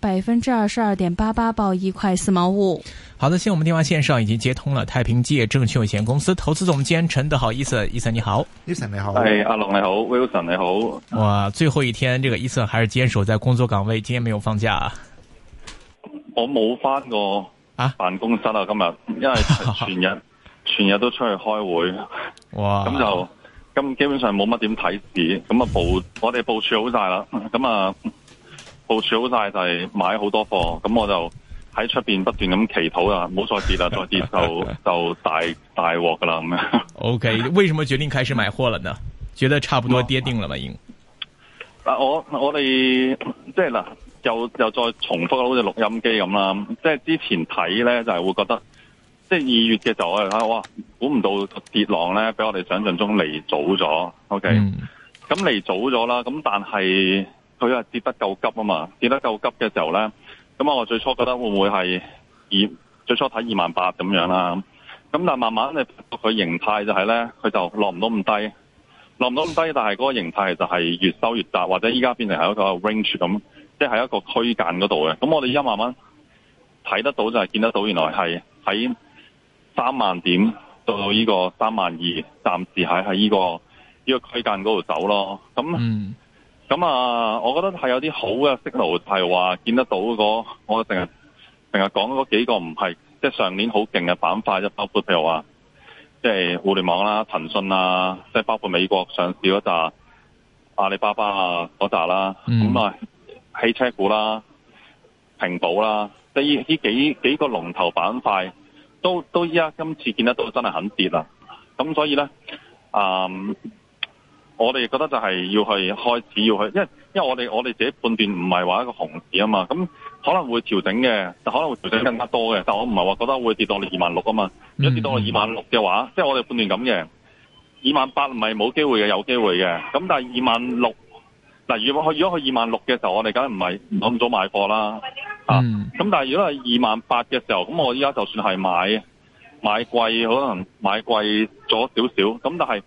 百分之二十二點八八，報一塊四毛五。好的，現我們電話線上已經接通了太平基業證券有限公司投資總監陳德豪，Eason，Eason 你好 Eason 你好，係、e 哎、阿龍你好，Wilson 你好。哇，最後一天，這個 Eason 還是堅守在工作崗位，今天沒有放假。我冇返過啊，過辦公室啊，今日因為全日 全日都出去開會，哇，咁就今基本上冇乜點睇市咁啊，部我哋部署好晒，啦，咁啊。部署好晒就係、是、買好多貨，咁我就喺出邊不斷咁祈禱啦，唔好再跌啦，再跌就 就大大鑊噶啦咁樣。O、okay, K，為什麼決定開始買貨了呢？ 覺得差唔多跌定啦嘛，已經。嗱，我我哋即係嗱，又又再重複好似錄音機咁啦，即係之前睇咧就係、是、會覺得，即係二月嘅就我哋睇哇，估唔到跌浪咧，比我哋想象中嚟早咗。O K，咁嚟早咗啦，咁但係。佢係跌得夠急啊嘛，跌得夠急嘅時候咧，咁我最初覺得會唔會係二最初睇二萬八咁樣啦。咁但係慢慢咧，佢形態就係咧，佢就落唔到咁低，落唔到咁低，但係嗰個形態就係越收越窄，或者依家變成係一個 range 咁，即係一個區間嗰度嘅。咁我哋依家慢慢睇得到就係見得到，原來係喺三萬點到呢個三萬二，暫時喺喺呢個呢個區間嗰度走咯。咁。嗯咁啊、嗯，我覺得係有啲好嘅思路，係話見得到嗰，我成日成日講嗰幾個唔係，即係上年好勁嘅板塊，即係包括譬如話，即係互聯網啦、騰訊啊，即係包括美國上市嗰紮阿里巴巴啊嗰扎啦，咁、嗯嗯、啊汽車股啦、平保啦，即係依幾，幾個龍頭板塊，都都依家今次見得到真係很跌啦。咁所以呢。嗯我哋覺得就係要去開始要去，因為因為我哋我哋自己判斷唔係話一個熊市啊嘛，咁、嗯、可能會調整嘅，就可能會調整更加多嘅。但我唔係話覺得會跌到二萬六啊嘛。如果跌到二萬六嘅話，嗯、即係我哋判斷咁嘅。二萬八唔係冇機會嘅，有機會嘅。咁但係二萬六，嗱如果佢如果二萬六嘅時候，我哋梗係唔係唔咁早買貨啦、嗯、啊？咁但係如果係二萬八嘅時候，咁我依家就算係買買貴，可能買貴咗少少，咁但係。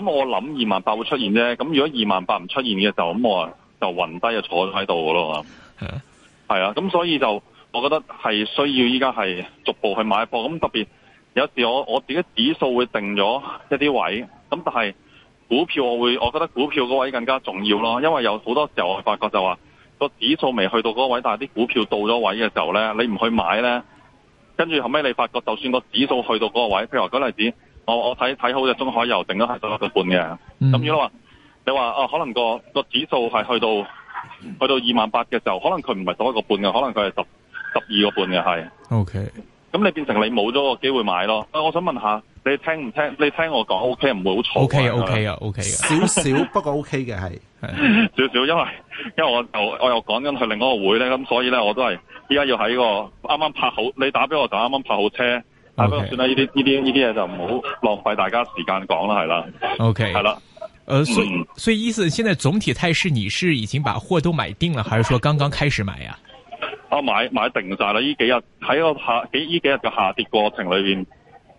咁我諗二萬八會出現啫，咁如果二萬八唔出現嘅時候咁我啊就暈低就坐喺度噶咯，係啊，係啊，咁所以就我覺得係需要依家係逐步去買貨，咁特別有時我我自己指數會定咗一啲位，咁但係股票我會我覺得股票嗰位更加重要咯，因為有好多時候我發覺就話個指數未去到嗰位，但係啲股票到咗位嘅時候咧，你唔去買咧，跟住後尾你發覺就算個指數去到嗰個位，譬如話舉例子。哦、我我睇睇好嘅中海油，定咗係多一個半嘅。咁如果話你話、哦、可能個個指數係去到去到二萬八嘅時候，可能佢唔係多一個半嘅，可能佢係十十二個半嘅係。O K。咁 Okay、嗯、你變成你冇咗個機會買咯。誒、啊，我想問下，你聽唔聽？你聽我講？O K，唔會好錯。O K O K 啊，O K 少少，不過 O K 嘅係，係少少，因為因為我就我又講緊去另一個會咧，咁、嗯、所以咧，我都係依家要喺個啱啱拍好，你打俾我就啱啱拍好車。算啦，呢啲呢啲呢啲嘢就唔好浪費大家時間講啦，係啦。OK，係啦了。呃，所以所以意思，現在總體態勢，你是已經把貨都買定了，還是說剛剛開始買呀，啊？啊，買買定晒啦！呢幾日喺個下幾呢幾日嘅下跌過程裏邊，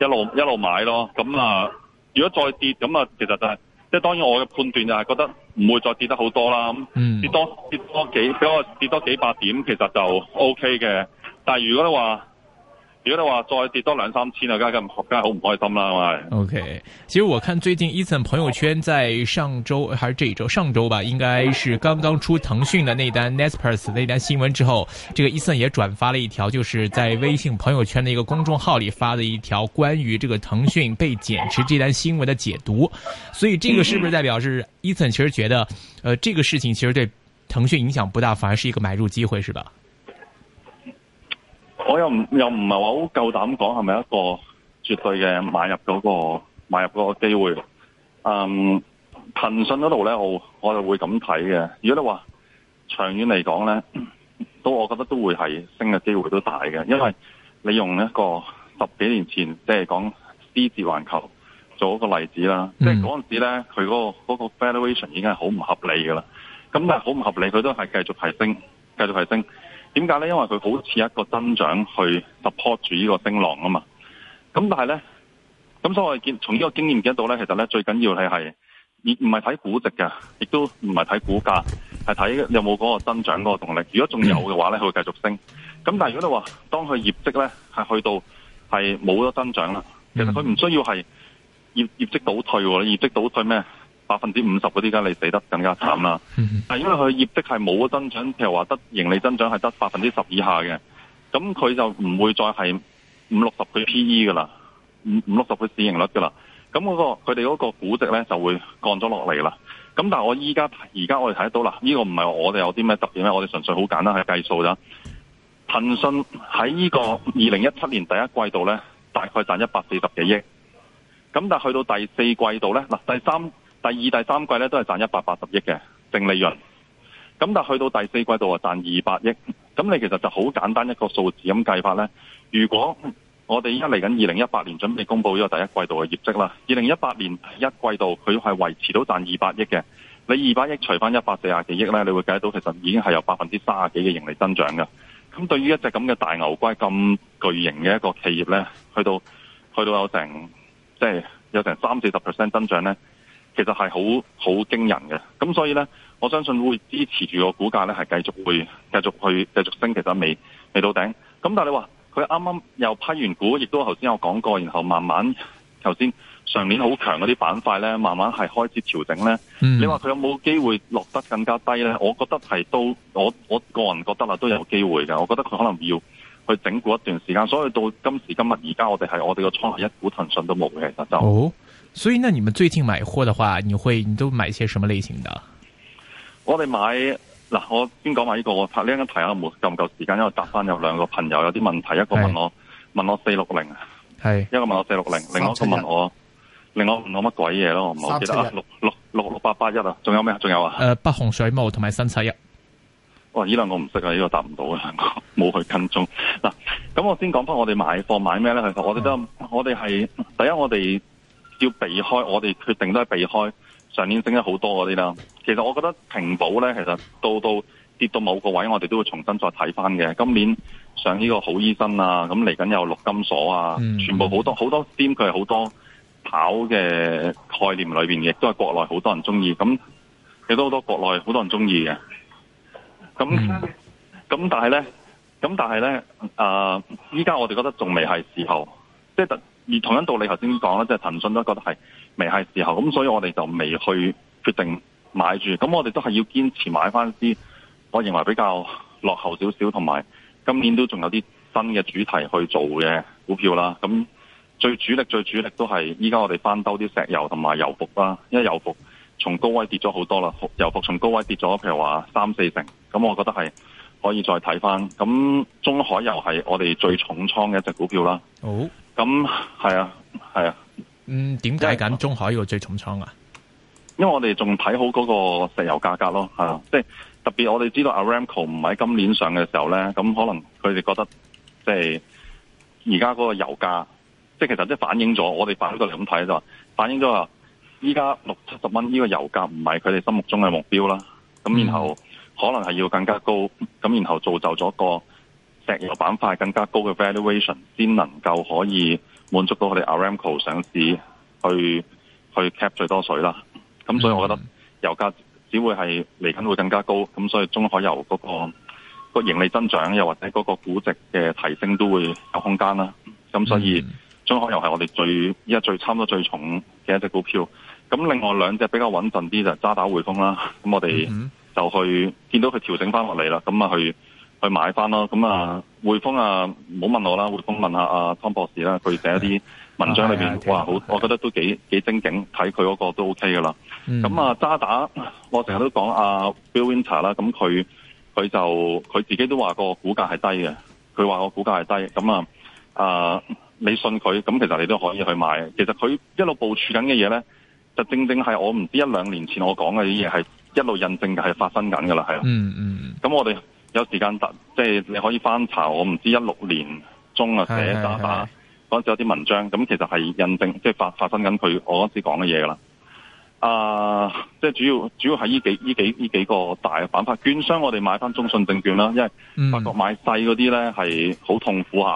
一路一路買咯。咁啊，如果再跌咁啊，咁其實就係即係，當然我嘅判斷就係覺得唔會再跌得好多啦。咁、嗯、跌多跌多幾，跌多跌多幾百點，其實就 OK 嘅。但係如果你話，如果你話再跌多兩三千啊，梗係梗係好唔開心啦，喂，OK，其實我看最近 Eason 朋友圈在上周還是這一周上周吧，應該是剛剛出騰訊的那單 Naspers 那單新聞之後，這個、Eason 也轉發了一條，就是在微信朋友圈的一個公眾號裏發的一條關於這個騰訊被減持這單新聞的解讀。所以這個是不是代表是 Eason 其實覺得，呃，這個事情其實對騰訊影響不大，反而是一個買入機會，是吧？我又唔又唔係話好夠膽講係咪一個絕對嘅買入嗰、嗰個買入嗰個機會？嗯，騰訊嗰度咧，我我就會咁睇嘅。如果你話長遠嚟講咧，都我覺得都會係升嘅機會都大嘅，因為你用一個十幾年前即係講思捷環球做一個例子啦，嗯、即係嗰陣時咧，佢嗰、嗰個嗰、嗰個 valuation 已經係好唔合理噶啦，咁但係好唔合理，佢都係繼續提升，繼續提升。點解咧？因為佢好似一個增長去 support 住呢個升浪啊嘛。咁但係咧，咁所以我見從呢個經驗見得到咧，其實咧最緊要咧係，而唔係睇估值嘅，亦都唔係睇股價，係睇有冇嗰個增長嗰個動力。如果仲有嘅話咧，佢會繼續升。咁但係如果你話當佢業績咧係去到係冇咗增長啦，其實佢唔需要係業業績倒退喎。業績倒退咩？百分之五十嗰啲梗係你死得更加慘啦，但係 因為佢業績係冇增長，譬如話得盈利增長係得百分之十以下嘅，咁佢就唔會再係五六十倍 P E 噶啦，五五六十倍市盈率噶啦，咁佢哋嗰個估值咧就會降咗落嚟啦。咁但係我依家而家我哋睇得到啦，呢、呢個唔係我哋有啲咩特別咩，我哋純粹好簡單係計數咋。騰訊喺呢個二零一七年第一季度咧，大概賺一百四十幾億，咁但係去到第四季度咧，嗱第三。第二、第三季咧都係賺一百八十億嘅淨利潤，咁但去到第四季度啊賺二百億，咁你其實就好簡單一個數字咁計法呢，如果我哋依家嚟緊二零一八年準備公布呢個第一季度嘅業績啦，二零一八年一季度佢係維持到賺二百億嘅，你二百億除翻一百四廿幾億呢，你會計到其實已經係有百分之三十幾嘅盈利增長噶。咁對於一隻咁嘅大牛龜咁巨型嘅一個企業呢，去到去到有成即係、就是、有成三四十 percent 增長呢。其實係好好驚人嘅，咁所以呢，我相信會支持住個股價呢係繼續會繼續去繼續升，其實未未到頂。咁但係你話佢啱啱又批完股，亦都頭先有講過，然後慢慢頭先上年好強嗰啲板塊呢，慢慢係開始調整呢。嗯、你話佢有冇機會落得更加低呢？我覺得係都我我個人覺得啦，都有機會嘅。我覺得佢可能要去整固一段時間，所以到今時今日而家我哋係我哋個倉係一股騰訊都冇嘅，其實就。所以，那你們最近買貨的話，你會你都買一些什麼類型的？我哋買嗱，我先講埋呢個，我拍呢一間台啊，冇夠唔夠時間，因為我答翻有兩個朋友有啲問題，一個問我是問我四六零，係是一個問我四六零，另外一個問我，另外問我乜鬼嘢咯，唔好記得、啊、六六六六八八一啊，仲有咩仲有啊？誒、呃，北紅水務同埋新七一。哇，呢兩個唔識啊，呢個答唔到啊，我冇去跟蹤嗱。咁我先講翻我哋買貨買咩咧？嗯、其實我哋都我哋係第一，我哋。要避開，我哋決定都係避開上年升得好多嗰啲啦。其實我覺得平保咧，其實到到跌到某個位，我哋都會重新再睇翻嘅。今年上呢個好醫生啊，咁嚟緊有陸金所啊，嗯、全部好多好多點，佢係好多跑嘅概念裏邊，亦都係國內好多人中意。咁亦都好多國內好多人中意嘅。咁咁、嗯、但係咧，咁但係咧，誒、呃，依家我哋覺得仲未係時候，即係特。而同樣道理，頭先講啦，即係騰訊都覺得係未係時候，咁所以我哋就未去決定買住。咁我哋都係要堅持買翻啲，我認為比較落後少少，同埋今年都仲有啲新嘅主題去做嘅股票啦。咁最主力、最主力都係依家我哋翻兜啲石油同埋油服啦。因為油服從高位跌咗好多啦，油服從高位跌咗，譬如話三四成。咁我覺得係可以再睇翻。咁中海油係我哋最重倉嘅一隻股票啦。好。咁係啊，係啊，嗯，點解揀中海個最重倉啊？因為我哋仲睇好嗰個石油價格咯，即係、啊哦、特別我哋知道 Aramco 唔喺今年上嘅時候咧，咁可能佢哋覺得即係而家嗰個油價，即係其實即係反映咗我哋擺喺度嚟咁睇就是，反映咗話依家六七十蚊呢個油價唔係佢哋心目中嘅目標啦，咁然後,然後可能係要更加高，咁然後造就咗個。石油板塊更加高嘅 valuation 先能夠可以滿足到我哋 Aramco 上市去去 cap 最多水啦。咁所以我覺得油價只會係嚟緊會更加高。咁所以中海油嗰、嗰個嗰個盈利增長又或者嗰個估值嘅提升都會有空間啦。咁所以中海油係我哋最依家最差唔多最重嘅一隻股票。咁另外兩隻比較穩陣啲就是渣打匯豐啦。咁我哋就去、嗯、哼見到佢調整翻落嚟啦。咁啊去。去買翻咯，咁啊，匯豐啊，唔好、啊、問我啦。匯豐問下阿湯博士啦、啊，佢寫一啲文章裏面，啊啊啊、哇，好，我覺得都幾幾精警。睇佢嗰個都 O K 噶啦。咁、嗯、啊，渣打我成日都講阿、啊嗯、Bill Winter 啦，咁佢佢就佢自己都話個股價係低嘅。佢話個股價係低咁啊，啊，你信佢咁，其實你都可以去買。其實佢一路部署緊嘅嘢咧，就正正係我唔知一兩年前我講嘅啲嘢係一路印證係發生緊噶啦，係啦、嗯。嗯嗯。咁我哋。有時間即係你可以翻查我唔知一六年中啊寫打打嗰陣時有啲文章，咁其實係印證即係、就是、發發生緊佢我嗰陣時講嘅嘢噶啦。啊，即、就、係、是、主要主要係呢幾，呢幾，呢幾個大嘅板塊，券商我哋買翻中信證券啦，因為發覺買細嗰啲咧係好痛苦下，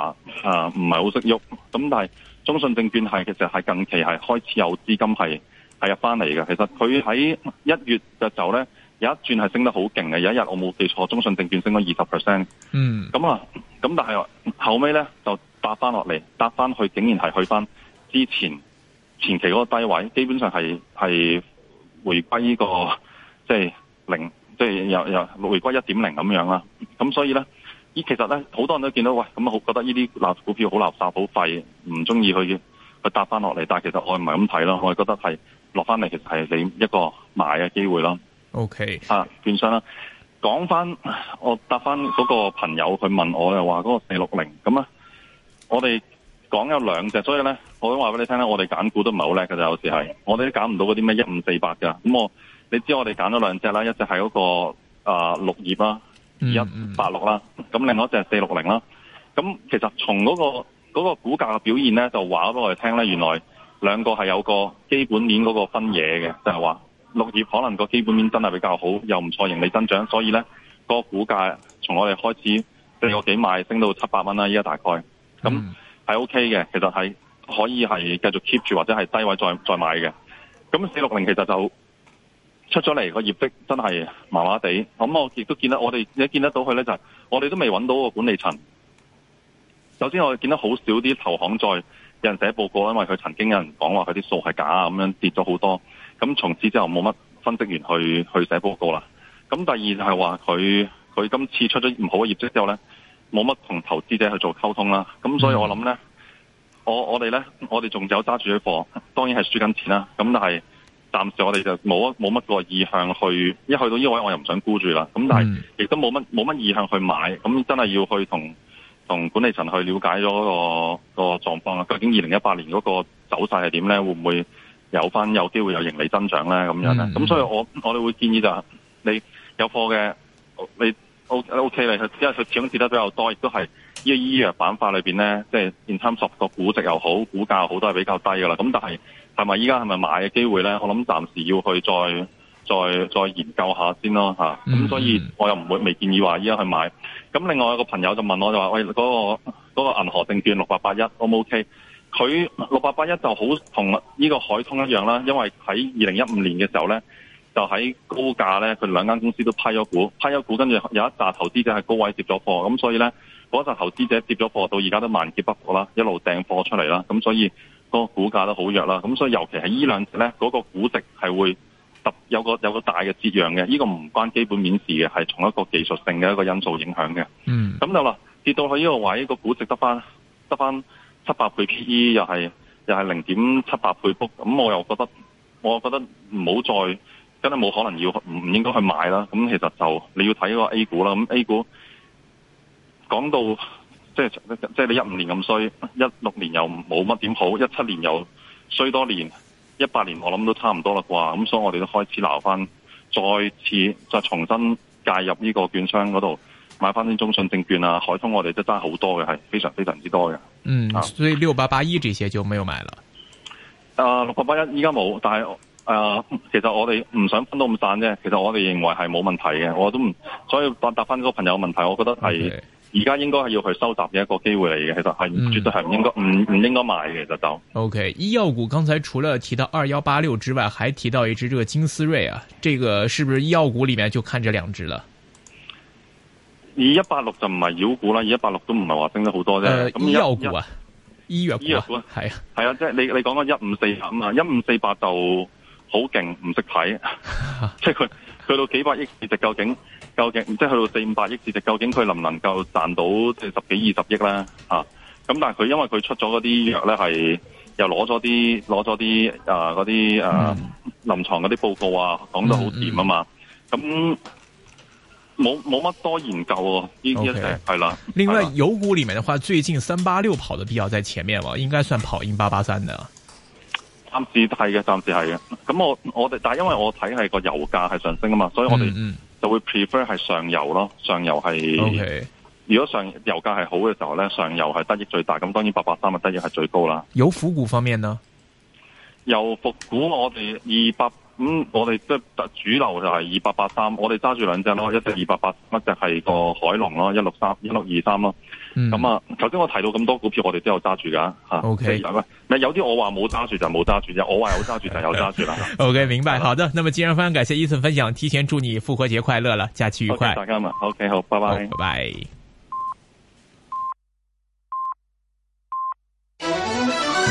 啊唔係好識喐。咁但係中信證券係其實係近期係開始有資金係入翻嚟嘅。其實佢喺一月嘅時候咧。有一轉係升得好勁嘅，有一日我冇記錯，中信證券升咗二十 percent。嗯，咁啊，咁但係後尾咧就跌翻落嚟，跌翻去，竟然係去翻之前前期嗰個低位，基本上係係回歸呢個即係、即係、零，即係又又回歸一點零咁樣啦、啊。咁所以咧，其實咧好多人都見到，喂，咁啊好覺得呢啲垃股票好垃圾，好廢，唔中意去去跌翻落嚟。但係其實我唔係咁睇咯，我係覺得係落翻嚟其實係你一個買嘅機會咯。OK，啊，變相啦，講翻，我答翻嗰個朋友佢問我又話嗰個四六零，咁啊，我哋講有兩隻，所以咧，我都話俾你聽咧，我哋揀股都唔係好叻嘅，有時係，我哋都揀唔到嗰啲咩一五四八嘅，咁我，你知我哋揀咗兩隻啦，一隻係嗰個啊綠葉啦，一五八六啦，咁、mm hmm. 另外一隻係四六零啦，咁其實從嗰個嗰個股價嘅表現咧，就話咗俾我哋聽咧，原來兩個係有個基本面嗰個分野嘅，就係話。六業可能個基本面真係比較好，又唔錯盈利增長，所以呢、那個股價從我哋開始即個幾萬升到七百蚊啦，依家大概咁係、嗯、OK 嘅。其實係可以係繼續 keep 住或者係低位再再買嘅。咁四六零其實就出咗嚟個業績真係麻麻地。咁我亦都見得我哋而家見得到佢呢、就是，就係我哋都未揾到個管理層。首先我哋見到好少啲投行在有人寫報告，因為佢曾經有人講話佢啲數係假，咁樣跌咗好多。咁從此之後冇乜分析員去去寫報告啦。咁第二就係話佢佢今次出咗唔好嘅業績之後呢，冇乜同投資者去做溝通啦。咁、嗯、所以我諗呢，我我哋呢，我哋仲有揸住啲貨，當然係輸緊錢啦。咁但係暫時我哋就冇冇乜個意向去一去到呢位，我又唔想沽住啦。咁、嗯、但係亦都冇乜冇乜意向去買。咁真係要去同同管理層去了解咗個個狀況啦。究竟二零一八年嗰個走勢係點呢？會唔會？有翻有機會有盈利增長咧，咁樣咧，咁、嗯嗯、所以我我哋會建議就係、是、你有貨嘅，你 O K 你因為佢始終跌得比較多，亦都係依、這個醫藥板塊裏面咧，即、就、係、是、現參十個估值又好，股價又好都係比較低噶啦。咁但係係咪依家係咪買嘅機會咧？我諗暫時要去再再再研究下先咯，嚇、嗯。咁所以我又唔會未建議話依家去買。咁另外一個朋友就問我就話喂，嗰、那個嗰、那個銀河證券六八八一，O 唔 O K？佢六八八一就好同呢個海通一樣啦，因為喺二零一五年嘅時候呢，就喺高價呢，佢兩間公司都批咗股，批咗股跟住有一紮投資者係高位接咗貨，咁所以呢，嗰紮投資者接咗貨到而家都萬劫不復啦，一路掟貨出嚟啦，咁所以個股價都好弱啦，咁所以尤其係呢兩隻呢，嗰、嗰個估值係會有個有個大嘅折讓嘅，呢、呢個唔關基本面事嘅，係從一個技術性嘅一個因素影響嘅。嗯，咁就話跌到去呢個位，嗰個估值得翻得翻。七百倍 P/E 又係又係零點七百倍 book，咁我又覺得，我覺得唔好再真係冇可能要唔應該去買啦。咁其實就你要睇個 A 股啦。咁 A 股講到即係即係你一五年咁衰，一六年又冇乜點好，一七年又衰多年，一八年我諗都差唔多啦啩。咁所以我哋都開始撈翻，再次就重新介入呢個券商嗰度買翻啲中信證券啊、海通我，我哋都揸好多嘅，係非常非常之多嘅。嗯，所以六八八一這些就沒有買了。誒、啊，六八八一依家冇，但係誒、呃，其實我哋唔想分到咁散啫。其實我哋認為係冇問題嘅，我都唔所以答答翻呢個朋友嘅問題，我覺得係而家應該係要去收集嘅一個機會嚟嘅，其實係絕對係唔應該唔唔、嗯、應該買嘅其實就。OK，醫藥股剛才除了提到二幺八六之外，還提到一隻這個金斯瑞啊，這個是不是醫藥股裏面就看這兩隻了？二一八六就唔係妖股啦，二一八六都唔係話升得好多啫。咁、呃、一醫藥啊，醫藥醫藥股啊，係啊，即係、啊、 你你講嗰一五四八啊，一五四八就好勁，唔識睇，即係佢去到幾百億市值究竟究竟，即係去到四五百億市值究竟佢能唔能夠賺到即十幾二十億啦？啊，咁但係佢因為佢出咗嗰啲藥咧，係又攞咗啲攞咗啲啊嗰啲，嗯、啊臨床嗰啲報告啊，講得好掂啊嘛，咁。冇冇乜多研究喎、哦，呢啲一定係啦。Okay. 的另外，的油股裏面的話，最近三八六跑的比較在前面嘛，應該算跑贏八八三的暫。暫時係嘅，暫時係嘅。咁我我哋，但係因為我睇係個油價係上升啊嘛，所以我哋就會 prefer 係上游咯。上游係，Okay. 如果上油價係好嘅時候咧，上游係得益最大。咁當然八八三嘅得益係最高啦。油服股方面呢？油服股我哋二百。咁、嗯、我哋即係主流就係二八八三，我哋揸住兩隻咯，一隻二八八，一隻係個海龍咯，一六三，一六二三咯。咁啊，頭先我提到咁多股票，我哋都有揸住噶吓。O K，唔係有啲我話冇揸住就冇揸住，我話有揸住就有揸住啦。 o、okay, K，明白，好的。那麼既然非常感謝伊、e、Eason 分享，提前祝你復活節快樂啦，假期愉快。Okay, okay, 好，大家嘛。O K，好，拜拜，拜拜。